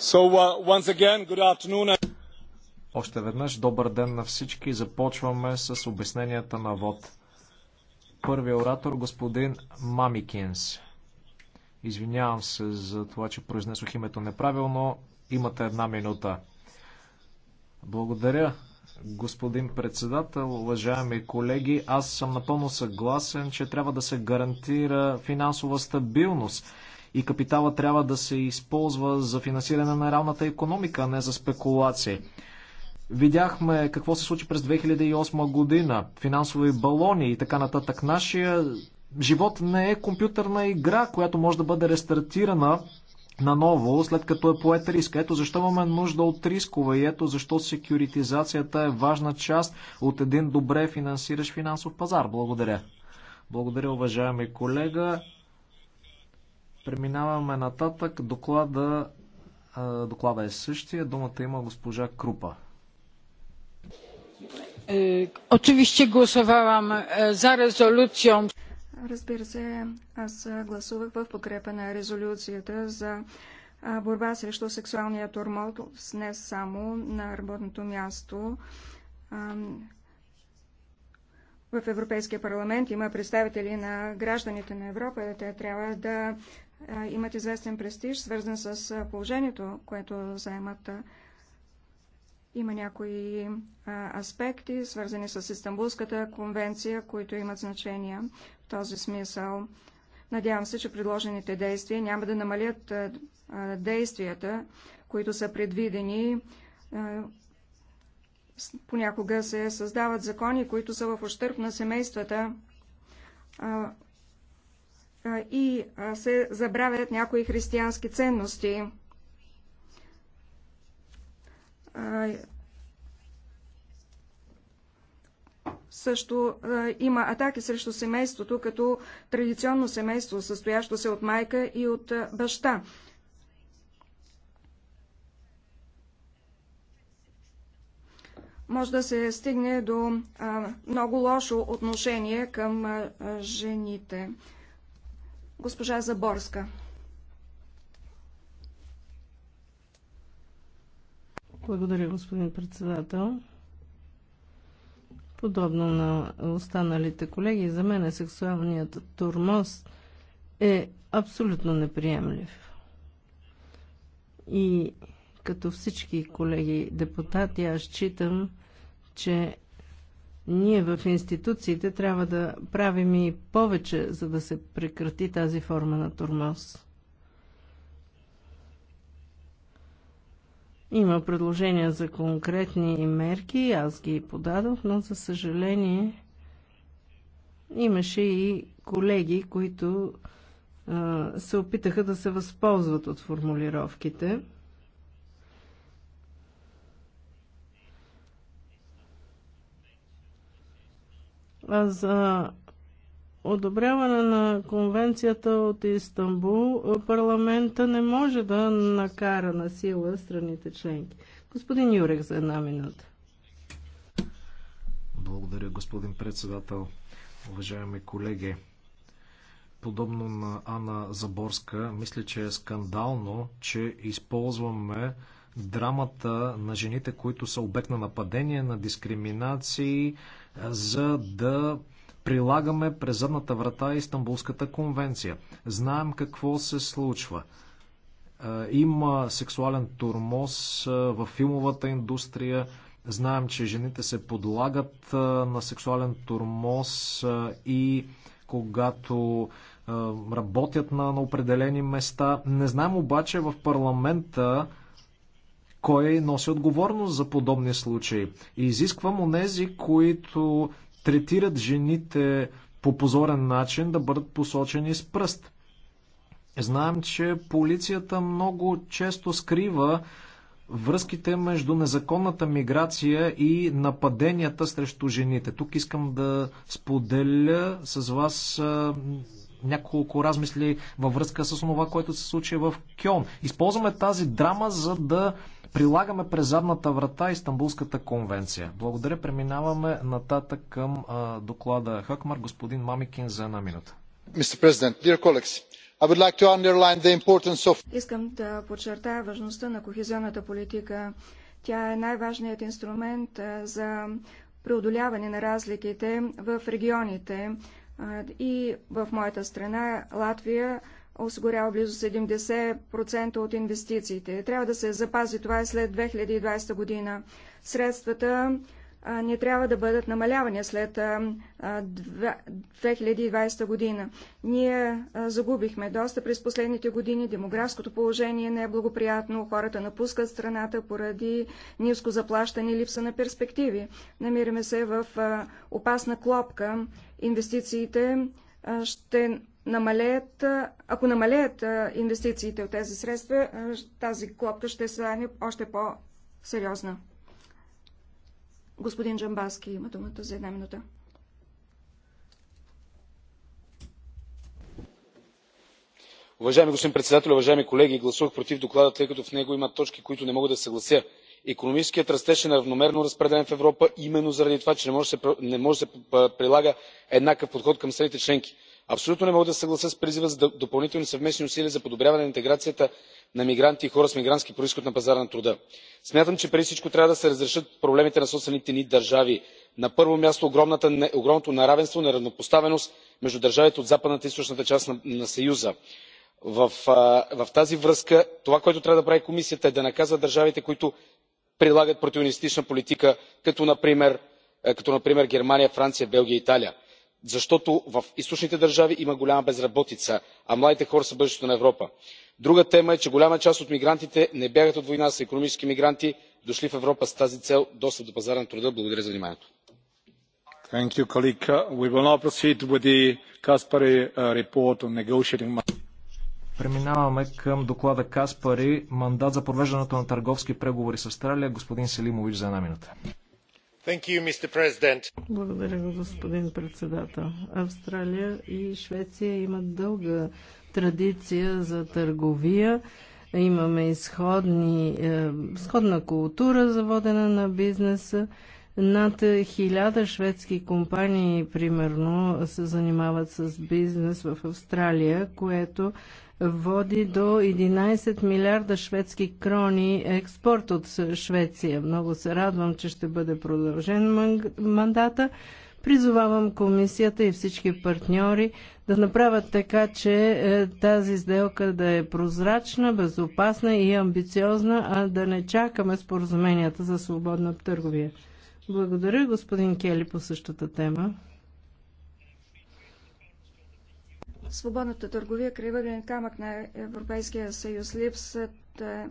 Uh, Още веднъж добър ден на всички. Започваме с обясненията на ВОД. Първият оратор, господин Мамикинс. Извинявам се за това, че произнесох името неправилно. Имате една минута. Благодаря, господин председател, уважаеми колеги. Аз съм напълно съгласен, че трябва да се гарантира финансова стабилност и капитала трябва да се използва за финансиране на реалната економика, а не за спекулации. Видяхме какво се случи през 2008 година, финансови балони и така нататък. Нашия живот не е компютърна игра, която може да бъде рестартирана наново, след като е поет риск. Ето защо имаме нужда от рискове и ето защо секюритизацията е важна част от един добре финансиращ финансов пазар. Благодаря. Благодаря, уважаеми колега. Преминаваме нататък. Доклада, доклада е същия. Думата има госпожа Крупа. Е, очевидно гласувам е, за резолюция. Разбира се, аз гласувах в подкрепа на резолюцията за борба срещу сексуалния тормоз не само на работното място. В Европейския парламент има представители на гражданите на Европа. Те трябва да имат известен престиж, свързан с положението, което заемат. Има някои аспекти, свързани с Истанбулската конвенция, които имат значение в този смисъл. Надявам се, че предложените действия няма да намалят действията, които са предвидени. Понякога се създават закони, които са в ущърп на семействата и се забравят някои християнски ценности. Също има атаки срещу семейството като традиционно семейство, състоящо се от майка и от баща. може да се стигне до много лошо отношение към жените. Госпожа Заборска. Благодаря, господин председател. Подобно на останалите колеги, за мен сексуалният турмоз е абсолютно неприемлив. И като всички колеги депутати, аз считам, че ние в институциите трябва да правим и повече, за да се прекрати тази форма на тормоз. Има предложения за конкретни мерки, аз ги подадох, но за съжаление имаше и колеги, които а, се опитаха да се възползват от формулировките. за одобряване на конвенцията от Истанбул парламента не може да накара на сила страните членки. Господин Юрек за една минута. Благодаря, господин председател. Уважаеми колеги, подобно на Ана Заборска, мисля, че е скандално, че използваме драмата на жените, които са обект на нападение, на дискриминации, е, за да прилагаме през задната врата Истанбулската конвенция. Знаем какво се случва. Е, има сексуален турмоз е, в филмовата индустрия. Знаем, че жените се подлагат на сексуален турмоз и когато работят на, на определени места. Не знам обаче в парламента кой носи отговорност за подобни случаи. И изисквам онези, които третират жените по позорен начин, да бъдат посочени с пръст. Знаем, че полицията много често скрива връзките между незаконната миграция и нападенията срещу жените. Тук искам да споделя с вас няколко размисли във връзка с това, което се случи в Кьон. Използваме тази драма, за да прилагаме през задната врата Истанбулската конвенция. Благодаря. Преминаваме нататък към а, доклада Хакмар. Господин Мамикин за една минута. Искам да подчертая важността на кохезионната политика. Тя е най-важният инструмент за преодоляване на разликите в регионите и в моята страна, Латвия, осигурява близо 70% от инвестициите. Трябва да се запази това след 2020 година. Средствата не трябва да бъдат намалявани след 2020 година. Ние загубихме доста през последните години, демографското положение не е благоприятно, хората напускат страната поради ниско заплащане и липса на перспективи. Намираме се в опасна клопка. Инвестициите ще намалеят, ако намалеят инвестициите от тези средства, тази клопка ще стане още по-сериозна. Господин Джамбаски има думата за една минута. Уважаеми господин председател, уважаеми колеги, гласувах против доклада, тъй като в него има точки, които не мога да се съглася. Економическият растеж е равномерно разпределен в Европа именно заради това, че не може да се прилага еднакъв подход към страните членки абсолютно не мога да се съглася с призива за допълнителни съвместни усилия за подобряване интеграцията на мигранти и хора с мигрантски произход на пазара на труда. смятам че преди всичко трябва да се разрешат проблемите на собствените ни държави на първо място огромното неравенство неравнопоставеност между държавите от западната и източната част на съюза. в тази връзка това което трябва да прави комисията е да наказва държавите които прилагат протекционистична политика като например германия франция белгия и италия защото в източните държави има голяма безработица а младите хора са бъдещето на европа. друга тема е че голяма част от мигрантите не бягат от война а са икономически мигранти дошли в европа с тази цел достъп до пазара на труда. благодаря за вниманието. Uh, Преминаваме към доклада Каспари, мандат за провеждането на търговски преговори с Австралия. Господин Селимович за една минута. Благодаря, господин председател. Австралия и Швеция имат дълга традиция за търговия. Имаме изходни, е, сходна култура за водена на бизнеса. Над хиляда шведски компании, примерно, се занимават с бизнес в Австралия, което води до 11 милиарда шведски крони експорт от Швеция. Много се радвам, че ще бъде продължен мандата. Призовавам комисията и всички партньори да направят така, че е, тази сделка да е прозрачна, безопасна и амбициозна, а да не чакаме споразуменията за свободна търговия. Благодаря, господин Кели, по същата тема. Свободната търговия кривъгълен камък на Европейския съюз. Липсът е,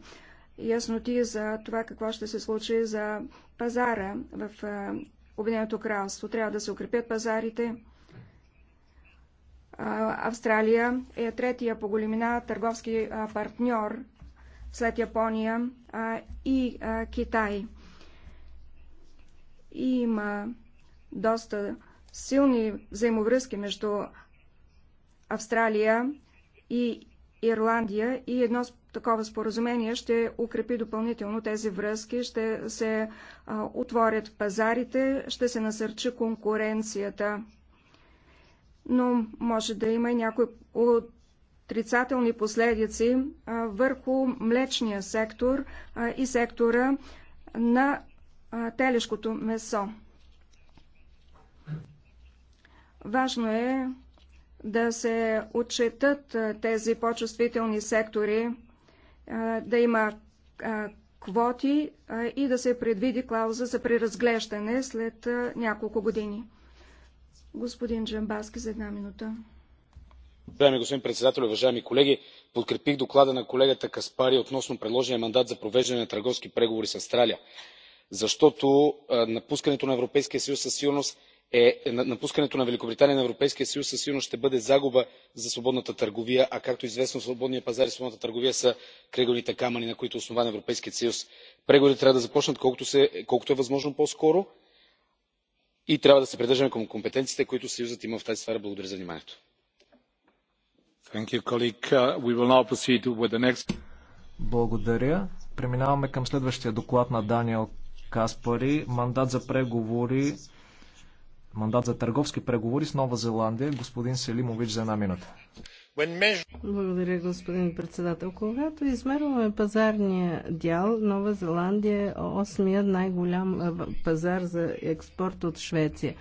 ясноти за това какво ще се случи за пазара в е, Обединеното кралство. Трябва да се укрепят пазарите. Е, Австралия е третия по големина търговски партньор след Япония и Китай. има доста силни взаимовръзки между Австралия и Ирландия и едно такова споразумение ще укрепи допълнително тези връзки, ще се а, отворят пазарите, ще се насърчи конкуренцията. Но може да има и някои отрицателни последици а, върху млечния сектор а, и сектора на а, телешкото месо. Важно е да се отчетат тези по-чувствителни сектори, да има квоти и да се предвиди клауза за преразглеждане след няколко години. Господин Джамбаски за една минута. Уважаеми господин председател, уважаеми колеги, подкрепих доклада на колегата Каспари относно предложения мандат за провеждане на търговски преговори с Австралия, защото напускането на Европейския съюз със сигурност е, е напускането на великобритания на европейския съюз със сигурност ще бъде загуба за свободната търговия а както е известно свободният пазар и свободната търговия са крайъгълните камъни на които е основан европейският съюз. преговорите трябва да започнат колкото е възможно по скоро и трябва да се придържаме към компетенциите които съюзът има в тази сфера. благодаря за вниманието. Uh, Преминаваме към следващия доклад на Даниел Каспари. Мандат за преговори мандат за търговски преговори с Нова Зеландия. Господин Селимович за една минута. Благодаря, господин председател. Когато измерваме пазарния дял, Нова Зеландия е осмият най-голям пазар за експорт от Швеция.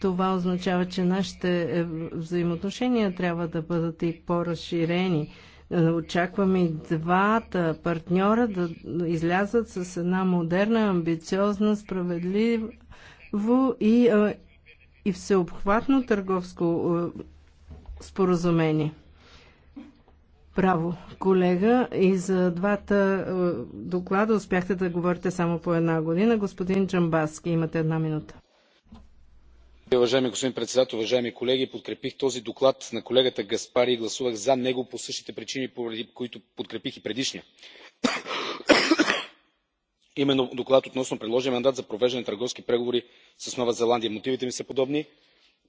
Това означава, че нашите е, взаимоотношения трябва да бъдат и по-разширени. Очакваме и двата партньора да излязат с една модерна, амбициозна, справедлива в и, а, и всеобхватно търговско а, споразумение. Право, колега. И за двата а, доклада успяхте да говорите само по една година. Господин Джамбаски, имате една минута. Уважаеми господин председател, уважаеми колеги, подкрепих този доклад на колегата Гаспари и гласувах за него по същите причини, поради които подкрепих и предишния именно доклад относно предложения мандат за провеждане на търговски преговори с нова зеландия. мотивите ми са подобни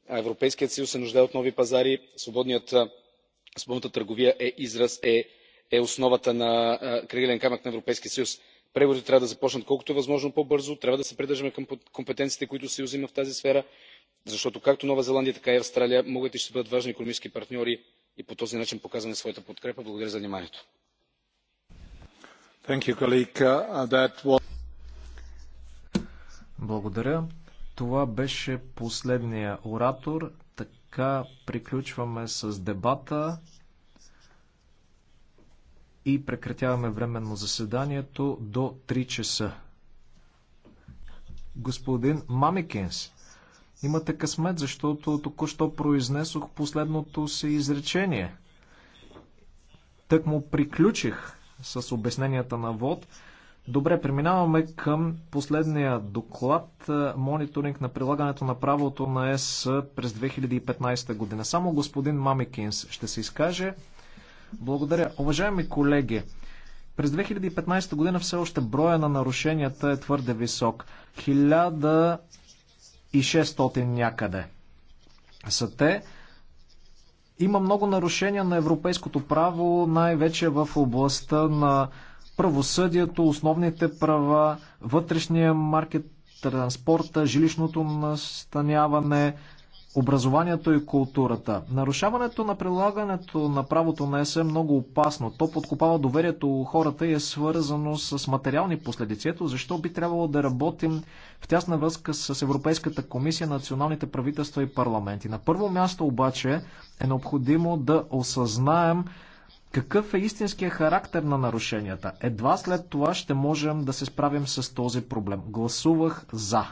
европейският съюз се нуждае от нови пазари свободната търговия е, е, е основата на крайъгълен камък на европейския съюз. преговорите трябва да започнат колкото е възможно по бързо трябва да се придържаме към компетенциите които съюзът има в тази сфера защото както нова зеландия така и австралия могат и ще бъдат важни икономически партньори и по този начин показваме своята подкрепа. благодаря за вниманието. Благодаря. Това беше последния оратор. Така приключваме с дебата и прекратяваме временно заседанието до 3 часа. Господин Мамикинс, имате късмет, защото току-що произнесох последното си изречение. Тък му приключих с обясненията на ВОД. Добре, преминаваме към последния доклад е, мониторинг на прилагането на правото на ЕС през 2015 година. Само господин Мамикинс ще се изкаже. Благодаря. Уважаеми колеги, през 2015 година все още броя на нарушенията е твърде висок. 1600 някъде са те. Има много нарушения на европейското право, най-вече в областта на правосъдието, основните права, вътрешния маркет, транспорта, жилищното настаняване, образованието и културата. Нарушаването на прилагането на правото на ЕС е много опасно. То подкопава доверието у хората и е свързано с материални последици. Ето защо би трябвало да работим в тясна връзка с Европейската комисия, националните правителства и парламенти. На първо място обаче е необходимо да осъзнаем какъв е истинския характер на нарушенията? Едва след това ще можем да се справим с този проблем. Гласувах за.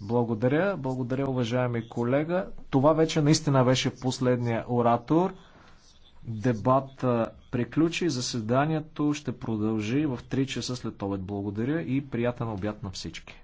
Благодаря, благодаря, уважаеми колега. Това вече наистина беше последния оратор. Дебат приключи. Заседанието ще продължи в 3 часа след обед. Благодаря и приятен обяд на всички.